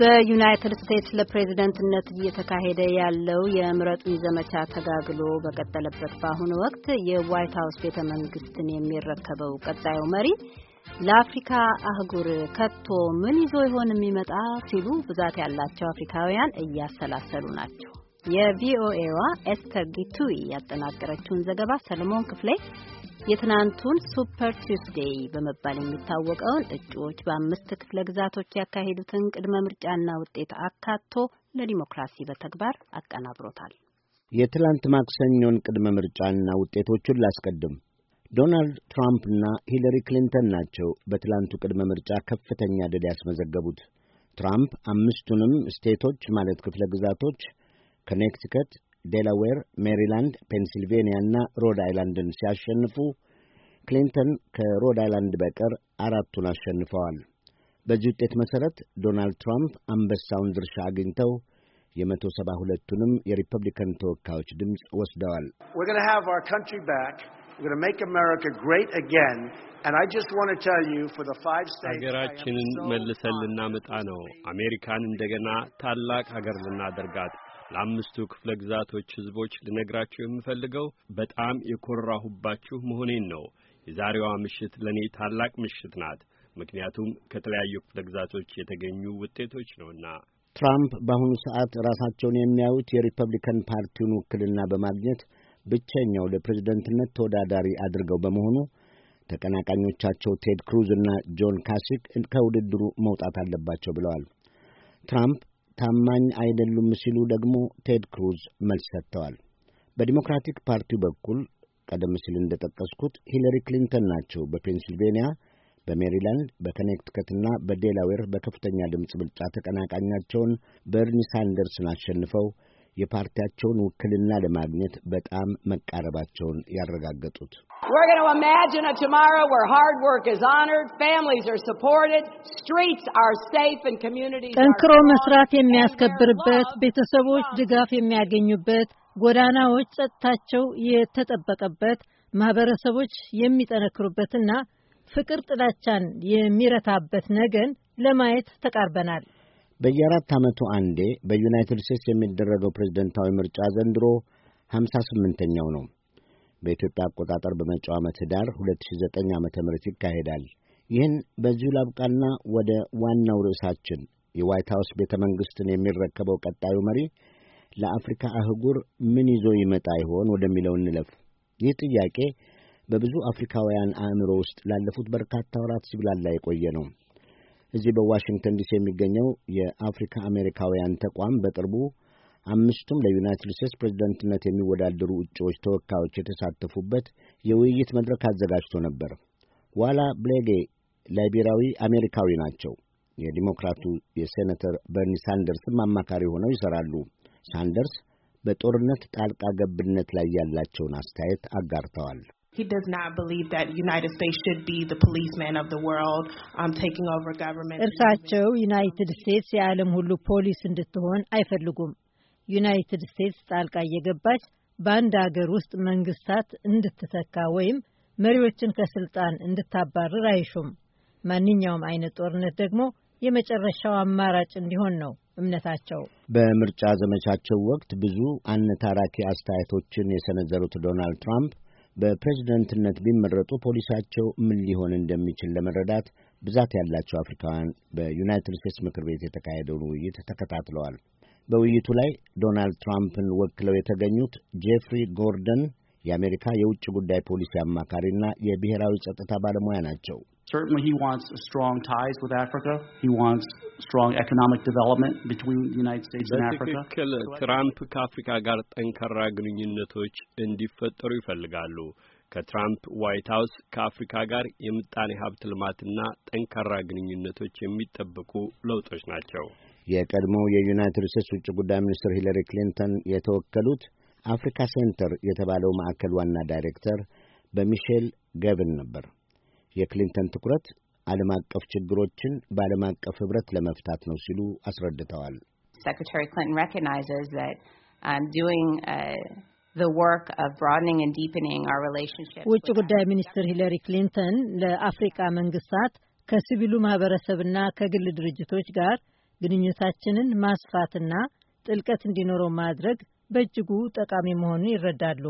በዩናይትድ ስቴትስ ለፕሬዝደንትነት እየተካሄደ ያለው የምረጡኝ ዘመቻ ተጋግሎ በቀጠለበት በአሁኑ ወቅት የዋይት ሀውስ ቤተ መንግስትን የሚረከበው ቀጣዩ መሪ ለአፍሪካ አህጉር ከቶ ምን ይዞ ይሆን የሚመጣ ሲሉ ብዛት ያላቸው አፍሪካውያን እያሰላሰሉ ናቸው። የቪኦኤዋ ኤስተር ጊቱይ ያጠናቀረችውን ዘገባ ሰለሞን ክፍሌ የትናንቱን ሱፐር ቱስዴይ በመባል የሚታወቀውን እጩዎች በአምስት ክፍለ ግዛቶች ያካሄዱትን ቅድመ ምርጫና ውጤት አካቶ ለዲሞክራሲ በተግባር አቀናብሮታል። የትላንት ማክሰኞን ቅድመ ምርጫና ውጤቶቹን ላስቀድም። ዶናልድ ትራምፕና ሂለሪ ክሊንተን ናቸው በትላንቱ ቅድመ ምርጫ ከፍተኛ ድል ያስመዘገቡት። ትራምፕ አምስቱንም ስቴቶች ማለት ክፍለ ግዛቶች ከኔክቲከት፣ ዴላዌር፣ ሜሪላንድ፣ ፔንሲልቬንያ እና ሮድ አይላንድን ሲያሸንፉ ክሊንተን ከሮድ አይላንድ በቀር አራቱን አሸንፈዋል። በዚህ ውጤት መሠረት ዶናልድ ትራምፕ አንበሳውን ድርሻ አግኝተው የመቶ ሰባ ሁለቱንም የሪፐብሊካን ተወካዮች ድምፅ ወስደዋል። ሀገራችንን መልሰን ልናመጣ ነው። አሜሪካን እንደገና ታላቅ ሀገር ልናደርጋት ለአምስቱ ክፍለ ግዛቶች ህዝቦች ልነግራችሁ የምፈልገው በጣም የኮራሁባችሁ መሆኔን ነው። የዛሬዋ ምሽት ለእኔ ታላቅ ምሽት ናት፣ ምክንያቱም ከተለያዩ ክፍለ ግዛቶች የተገኙ ውጤቶች ነውና። ትራምፕ በአሁኑ ሰዓት ራሳቸውን የሚያዩት የሪፐብሊካን ፓርቲውን ውክልና በማግኘት ብቸኛው ለፕሬዝደንትነት ተወዳዳሪ አድርገው በመሆኑ ተቀናቃኞቻቸው ቴድ ክሩዝ እና ጆን ካሲክ ከውድድሩ መውጣት አለባቸው ብለዋል። ትራምፕ ታማኝ አይደሉም ሲሉ ደግሞ ቴድ ክሩዝ መልስ ሰጥተዋል። በዲሞክራቲክ ፓርቲው በኩል ቀደም ሲል እንደጠቀስኩት ሂለሪ ክሊንተን ናቸው በፔንሲልቬንያ፣ በሜሪላንድ፣ በከኔክቲከትና በዴላዌር በከፍተኛ ድምፅ ብልጫ ተቀናቃኛቸውን በርኒ ሳንደርስን አሸንፈው የፓርቲያቸውን ውክልና ለማግኘት በጣም መቃረባቸውን ያረጋገጡት ጠንክሮ መስራት የሚያስከብርበት፣ ቤተሰቦች ድጋፍ የሚያገኙበት፣ ጎዳናዎች ጸጥታቸው የተጠበቀበት፣ ማህበረሰቦች የሚጠነክሩበትና ፍቅር ጥላቻን የሚረታበት ነገን ለማየት ተቃርበናል። በየአራት ዓመቱ አንዴ በዩናይትድ ስቴትስ የሚደረገው ፕሬዝደንታዊ ምርጫ ዘንድሮ ሀምሳ ስምንተኛው ነው። በኢትዮጵያ አቆጣጠር በመጪው ዓመት ህዳር 2009 ዓ ም ይካሄዳል። ይህን በዚሁ ላብቃና ወደ ዋናው ርዕሳችን የዋይት ሀውስ ቤተ መንግሥትን የሚረከበው ቀጣዩ መሪ ለአፍሪካ አህጉር ምን ይዞ ይመጣ ይሆን ወደሚለው እንለፍ። ይህ ጥያቄ በብዙ አፍሪካውያን አእምሮ ውስጥ ላለፉት በርካታ ወራት ሲብላላ የቆየ ነው። እዚህ በዋሽንግተን ዲሲ የሚገኘው የአፍሪካ አሜሪካውያን ተቋም በቅርቡ አምስቱም ለዩናይትድ ስቴትስ ፕሬዚደንትነት የሚወዳደሩ እጩዎች ተወካዮች የተሳተፉበት የውይይት መድረክ አዘጋጅቶ ነበር። ዋላ ብሌጌ ላይቤራዊ አሜሪካዊ ናቸው። የዲሞክራቱ የሴኔተር በርኒ ሳንደርስም አማካሪ ሆነው ይሠራሉ። ሳንደርስ በጦርነት ጣልቃ ገብነት ላይ ያላቸውን አስተያየት አጋርተዋል። He does not believe that United States should be the policeman of the world, um, taking over government. እርሳቸው ዩናይትድ ስቴትስ የዓለም ሁሉ ፖሊስ እንድትሆን አይፈልጉም። ዩናይትድ ስቴትስ ጣልቃ እየገባች በአንድ አገር ውስጥ መንግስታት እንድትተካ ወይም መሪዎችን ከስልጣን እንድታባርር አይሹም። ማንኛውም አይነት ጦርነት ደግሞ የመጨረሻው አማራጭ እንዲሆን ነው እምነታቸው። በምርጫ ዘመቻቸው ወቅት ብዙ አነታራኪ አስተያየቶችን የሰነዘሩት ዶናልድ ትራምፕ በፕሬዝደንትነት ቢመረጡ ፖሊሳቸው ምን ሊሆን እንደሚችል ለመረዳት ብዛት ያላቸው አፍሪካውያን በዩናይትድ ስቴትስ ምክር ቤት የተካሄደውን ውይይት ተከታትለዋል። በውይይቱ ላይ ዶናልድ ትራምፕን ወክለው የተገኙት ጄፍሪ ጎርደን የአሜሪካ የውጭ ጉዳይ ፖሊሲ አማካሪና የብሔራዊ ጸጥታ ባለሙያ ናቸው። Certainly, he wants strong ties with Africa. He wants strong economic development between the United States and Africa. በትክክል ትራምፕ ከአፍሪካ ጋር ጠንካራ ግንኙነቶች እንዲፈጠሩ ይፈልጋሉ። ከትራምፕ ዋይት ሀውስ ከአፍሪካ ጋር የምጣኔ ሀብት ልማትና ጠንካራ ግንኙነቶች የሚጠበቁ ለውጦች ናቸው። የቀድሞው የዩናይትድ ስቴትስ ውጭ ጉዳይ ሚኒስትር ሂለሪ ክሊንተን የተወከሉት አፍሪካ ሴንተር የተባለው ማዕከል ዋና ዳይሬክተር በሚሼል ገብን ነበር። የክሊንተን ትኩረት ዓለም አቀፍ ችግሮችን በዓለም አቀፍ ህብረት ለመፍታት ነው ሲሉ አስረድተዋል። Secretary Clinton um, uh, ውጭ ጉዳይ ሚኒስትር ሂለሪ ክሊንተን ለአፍሪካ መንግስታት ከሲቪሉ ማህበረሰብና ከግል ድርጅቶች ጋር ግንኙታችንን ማስፋትና ጥልቀት እንዲኖረው ማድረግ በእጅጉ ጠቃሚ መሆኑን ይረዳሉ።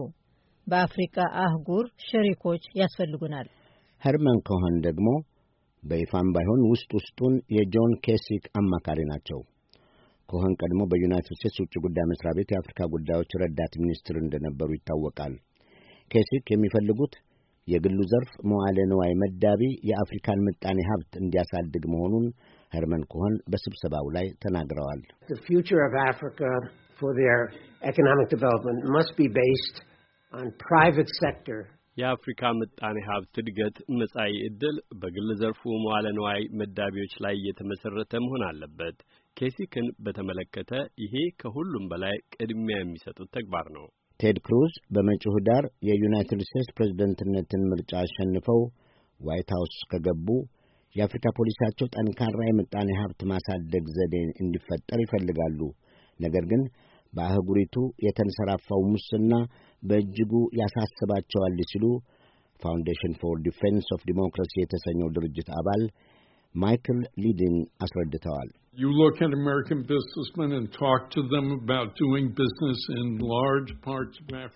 በአፍሪካ አህጉር ሸሪኮች ያስፈልጉናል። ሄርመን ኮኸን ደግሞ በይፋም ባይሆን ውስጥ ውስጡን የጆን ኬሲክ አማካሪ ናቸው። ኮኸን ቀድሞ በዩናይትድ ስቴትስ ውጭ ጉዳይ መስሪያ ቤት የአፍሪካ ጉዳዮች ረዳት ሚኒስትር እንደነበሩ ይታወቃል። ኬሲክ የሚፈልጉት የግሉ ዘርፍ መዋለ ንዋይ መዳቢ የአፍሪካን ምጣኔ ሀብት እንዲያሳድግ መሆኑን ሄርመን ኮኸን በስብሰባው ላይ ተናግረዋል። የአፍሪካ ምጣኔ ሀብት እድገት መጻኢ ዕድል በግል ዘርፉ መዋለ ንዋይ መዳቢዎች ላይ የተመሰረተ መሆን አለበት። ኬሲክን በተመለከተ ይሄ ከሁሉም በላይ ቅድሚያ የሚሰጡት ተግባር ነው። ቴድ ክሩዝ በመጪው ኅዳር የዩናይትድ ስቴትስ ፕሬዝደንትነትን ምርጫ አሸንፈው ዋይት ሀውስ ከገቡ የአፍሪካ ፖሊሲያቸው ጠንካራ የምጣኔ ሀብት ማሳደግ ዘዴ እንዲፈጠር ይፈልጋሉ። ነገር ግን በአህጉሪቱ የተንሰራፋው ሙስና በእጅጉ ያሳስባቸዋል ሲሉ ፋውንዴሽን ፎር ዲፌንስ ኦፍ ዲሞክራሲ የተሰኘው ድርጅት አባል ማይክል ሊድን አስረድተዋል።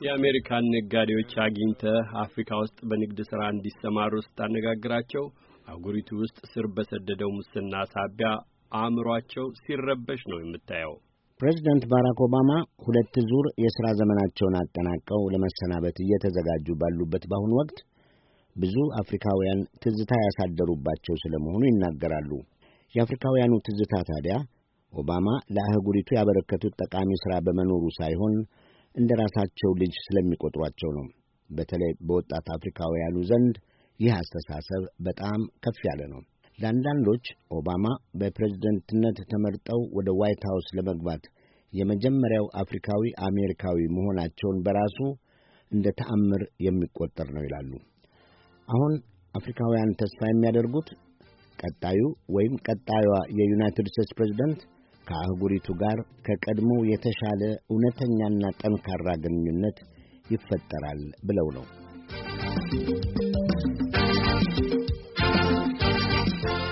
የአሜሪካን ነጋዴዎች አግኝተህ አፍሪካ ውስጥ በንግድ ሥራ እንዲሰማሩ ስታነጋግራቸው አህጉሪቱ ውስጥ ስር በሰደደው ሙስና ሳቢያ አእምሯቸው ሲረበሽ ነው የምታየው። ፕሬዚደንት ባራክ ኦባማ ሁለት ዙር የሥራ ዘመናቸውን አጠናቀው ለመሰናበት እየተዘጋጁ ባሉበት በአሁኑ ወቅት ብዙ አፍሪካውያን ትዝታ ያሳደሩባቸው ስለመሆኑ ይናገራሉ። የአፍሪካውያኑ ትዝታ ታዲያ ኦባማ ለአህጉሪቱ ያበረከቱት ጠቃሚ ሥራ በመኖሩ ሳይሆን እንደ ራሳቸው ልጅ ስለሚቆጥሯቸው ነው። በተለይ በወጣት አፍሪካውያኑ ዘንድ ይህ አስተሳሰብ በጣም ከፍ ያለ ነው። ለአንዳንዶች ኦባማ በፕሬዝደንትነት ተመርጠው ወደ ዋይት ሃውስ ለመግባት የመጀመሪያው አፍሪካዊ አሜሪካዊ መሆናቸውን በራሱ እንደ ተአምር የሚቆጠር ነው ይላሉ። አሁን አፍሪካውያን ተስፋ የሚያደርጉት ቀጣዩ ወይም ቀጣዩዋ የዩናይትድ ስቴትስ ፕሬዝደንት ከአህጉሪቱ ጋር ከቀድሞ የተሻለ እውነተኛና ጠንካራ ግንኙነት ይፈጠራል ብለው ነው።